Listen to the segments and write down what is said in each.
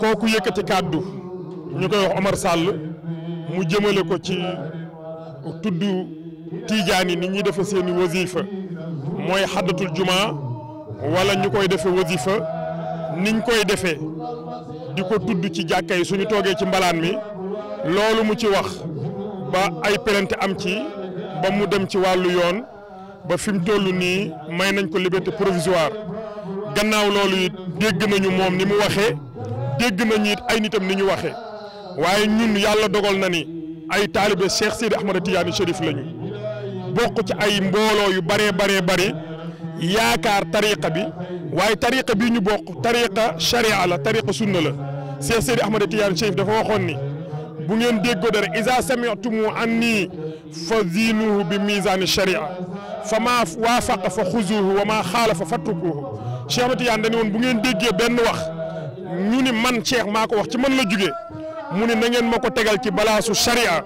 kooku yëkkati kàddu ñu koy wax Omar Sall mu jëmale ko ci tudd tiijaan yi ni ñuy defe seeni wasifa mooy xaddatul jumaa wala ñu koy defe wasifa niñ koy defee di ko tudd ci jàkka yi suñu toogee ci mbalaan mi loolu mu ci wax ba ay plainte am ci ba mu dem ci wàllu yoon ba fi mu toll nii may nañ ko liberté provisoire gannaaw loolu dégg nañu moom ni mu waxee dégg nañu it ay nitam ni ñu waxee waaye ñun yàlla dogal na ni ay taalibe Cheikh Sidi Ahmada Tidiane Chérif lañu bokk ci ay mbooloo yu baree baree bari yaakaar tariqa bi waaye tariqa bi ñu bokk tariqa sharia la tariqa sunna la Cheikh Sidi Ahmada Tidiane Chérif dafa waxoon ni bu ngeen déggoo dara isa samitumu anni fa ziinuhu bi misaani sharia fa maa waafaqa fa xuzuuhu wa maa xaalafa fatrukuuhu Cheikh Ahmada Tidiane dañu woon bu ngeen déggee benn wax ñu ni man Cheikh maa ko wax ci man la jugee mu ni na ngeen ma ko tegal ci balaasu sharia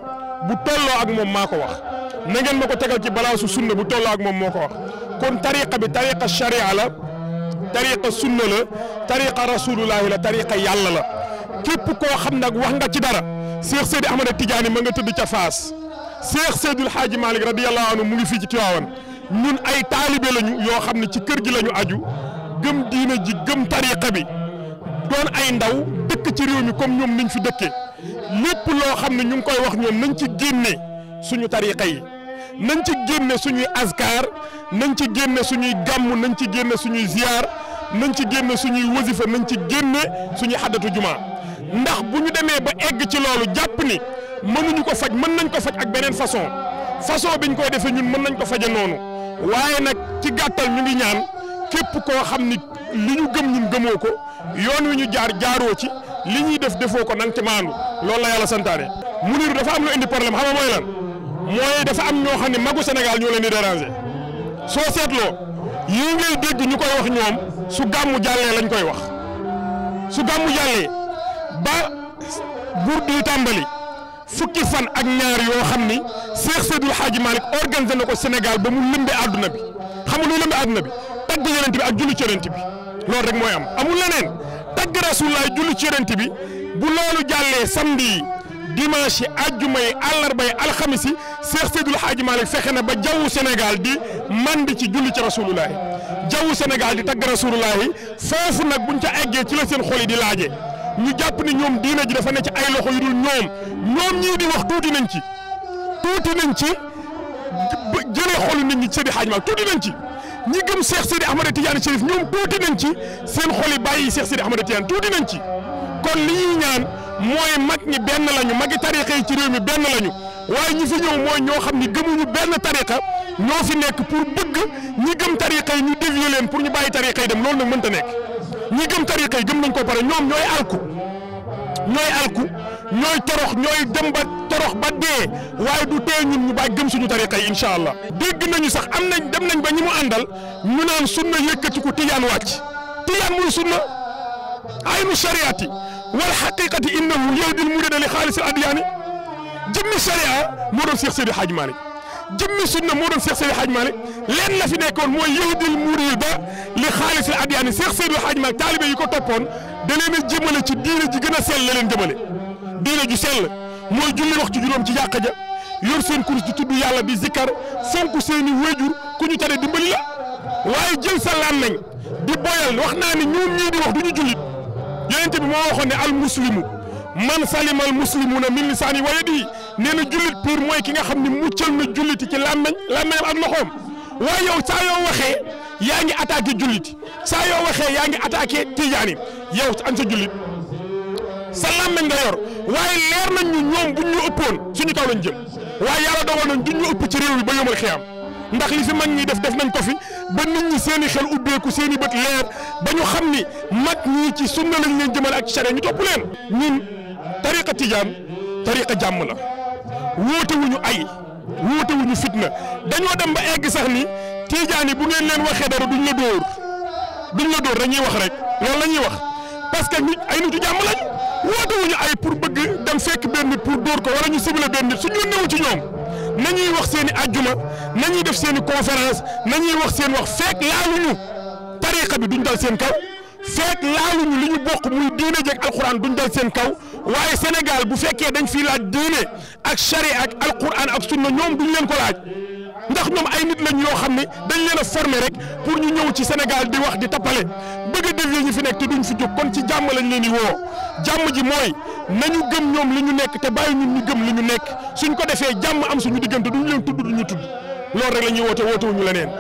bu tolloo ak moom maa ko wax na ngeen ma ko tegal ci balaasu sunna bu tolloo ak moom moo ko wax kon tariqa bi tariqa sharia la tariqa sunna la tariqa rasulullahi la tariqa yàlla la képp koo xam nag wax nga ci dara Cheikh Seydi Ahmada Tidiane ma nga tëdd ca Faas Cheikh Seydil Hadji Malick radiyallahu anhu mu ngi fii ci Tiwaawan ñun ay taalibe lañu yoo xam ne ci kër gi lañu aju gëm diina ji gëm tariqa bi. doon ay ndaw dëkk ci réew ñi comme ñoom niñ fi dëkkee lépp loo xam ne ñu ngi koy wax ñoom nañ ci génne suñu tariqa yi nañ ci génne suñuy askar nañ ci génne suñuy gàmm nañ ci génne suñuy ziar nañ ci génne suñuy wasifa nañ ci génne suñuy xaddatu juma ndax bu ñu demee ba egg ci loolu jàpp ni mënuñu ko faj mën nañ ko faj ak beneen façon façon biñ koy defee ñun mën nañ ko faje noonu waaye nag ci gàttal ñu ngi ñaan képp koo xam ni li ñu gëm ñun ko. yoon wi ñu jaar jaaroo ci li ñuy def defoo ko nang ci maandu loolu la yàlla santaane. Mounirou dafa am lu indi problème xam nga lan mooy dafa am ñoo xam ne magu Sénégal ñoo leen di déranger soo seetloo yii ngay dégg ñu koy wax ñoom su gàmmu jàllee lañ koy wax su gàmmu jàllee ba buur di tàmbali. fukki fan ak ñaar yoo xam ni Cheikh Seydil Hadji Malick organisé na ko Sénégal ba mu lëmbe àdduna bi xam nga luy lëmbe àdduna bi tagg yonent bi ak julli loolu rek mooy am amul leneen tagg rasulilah julli ci yonent bi bu loolu jàllee samedi dimanche yi àjjuma yi àllarba yi alxamis yi Seex Seydul Xaaji Maalik fexe na ba jawwu Sénégal di di ci julli ci rasulilah jawwu Sénégal di tagg rasulilah yi foofu nag buñ ca eggee ci la seen xol yi di laaje ñu jàpp ni ñoom diina ji dafa ne ci ay loxo yu dul ñoom ñoom ñii di wax tuuti nañ ci tuuti nañ ci jëlee xolu nit ñi ci Seydi Xaaji Maalik tuuti nañ ci. ñi gëm Cheikh Sidi Ahmed Tidiane Chérif ñoom tuuti nañ ci seen xol yi bàyyi Cheikh Sidi Ahmed Tidiane tuuti nañ ci kon li ñuy ñaan mooy mag ñi benn lañu magi tariqa yi ci réew mi benn lañu waaye ñi fi ñëw mooy ñoo xam ni gëmuñu benn tariqa ñoo fi nekk pour bëgg ñi gëm tariqa yi ñu dévier leen pour ñu bàyyi tariqa yi dem loolu nag mënta nekk ñi gëm tariqa yi gëm nañ ko pare ñoom ñooy alku ñooy alku ñooy torox ñooy dem ba torox ba dee waaye du tee ñun ñu bàyyi gëm suñu tariqa yi incha allah. dégg nañu sax am nañ dem nañ ba ñi mu àndal ñu naan sunna yëkkatiku tijaan wàcc tijaan muy sunna aynu shariati wal xaqiqati innahu yahdil murida li xaalis al adyaani jëmmi sharia moo doon Seex Seydi Hajji Maalik jëmmi sunna moo doon Cheikh Seydou Hadj Malick leen la fi nekkoon mooy yahdil murida li xaalisil adyaani Cheikh Seydou Hadj Malick taalibe yi ko toppoon da leen a jëmale ci diine ji gën a sell la leen jëmale diine ju sell mooy julli waxtu juróom ci jàkka ja yor seen kurus di tudd yàlla di zikkar fonk seen i wéjur ku ñu tare dimbali la waaye jël sa làmmiñ di boyal wax naa ni ñoom ñii di wax du ñu jullit yonente bi moo waxoon ne al muslimu man salimal muslimuna min lisaani wa yadihi nee na jullit pur mooy ki nga xam ne muccal na julliti ci làmmeñ làmmeñam ak loxoom waaye yow saa yoo waxee yaa ngi attaqué julliti saa yoo waxee yaa ngi attaqué tijaani yow an sa jullit sa làmmeñ nga yor waaye leer nañ ñu ñoom buñ ñu ëppoon suñu kaw lañ jëm waaye yàlla dogal nañ duñ ñu ëpp ci réew mi ba yomal xiyam ndax li fi mag ñi def def nañ ko fi ba nit ñi seen i xel ubbeeku seen i bët leer ba ñu xam ni mag ñii ci sunna lañ leen jëmale ak ci charia ñu topp leen tariqa tijaan tariqa jàmm la woote wuñu ay woote wuñu fitna dañoo dem ba egg sax ni tijaan yi bu ngeen leen waxee dara duñ la dóor duñ la dóor dañuy wax rek loolu la ñuy wax parce que nit ay nitu jàmm lañ woote ay pour bëgg dem fekk benn nit pour dóor ko wala ñu sibile benn nit suñu newu ci ñoom ñuy wax seen i na ñuy def seen i na ñuy wax seen wax fekk laaluñu tariqa bi duñ dal seen kaw. feek laaluñu li ñu bokk muy diine jëkk alquran duñ dal seen kaw waaye Sénégal bu fekkee dañ fii laaj diine ak charia ak alquran ak sunna ñoom duñ leen ko laaj ndax ñoom ay nit lañ yoo xam ne dañ leen a former rek pour ñu ñëw ci Sénégal di wax di tappale bëgg a dévier ñu fi nekk te duñ fi jóg kon ci jàmm lañ leen di woo jàmm ji mooy nañu gëm ñoom li ñu nekk te bàyyi ñun ñu gëm li ñu nekk suñ ko defee jàmm am suñu diggante duñ leen tudd duñu tudd loolu rek la ñuy woote woote leneen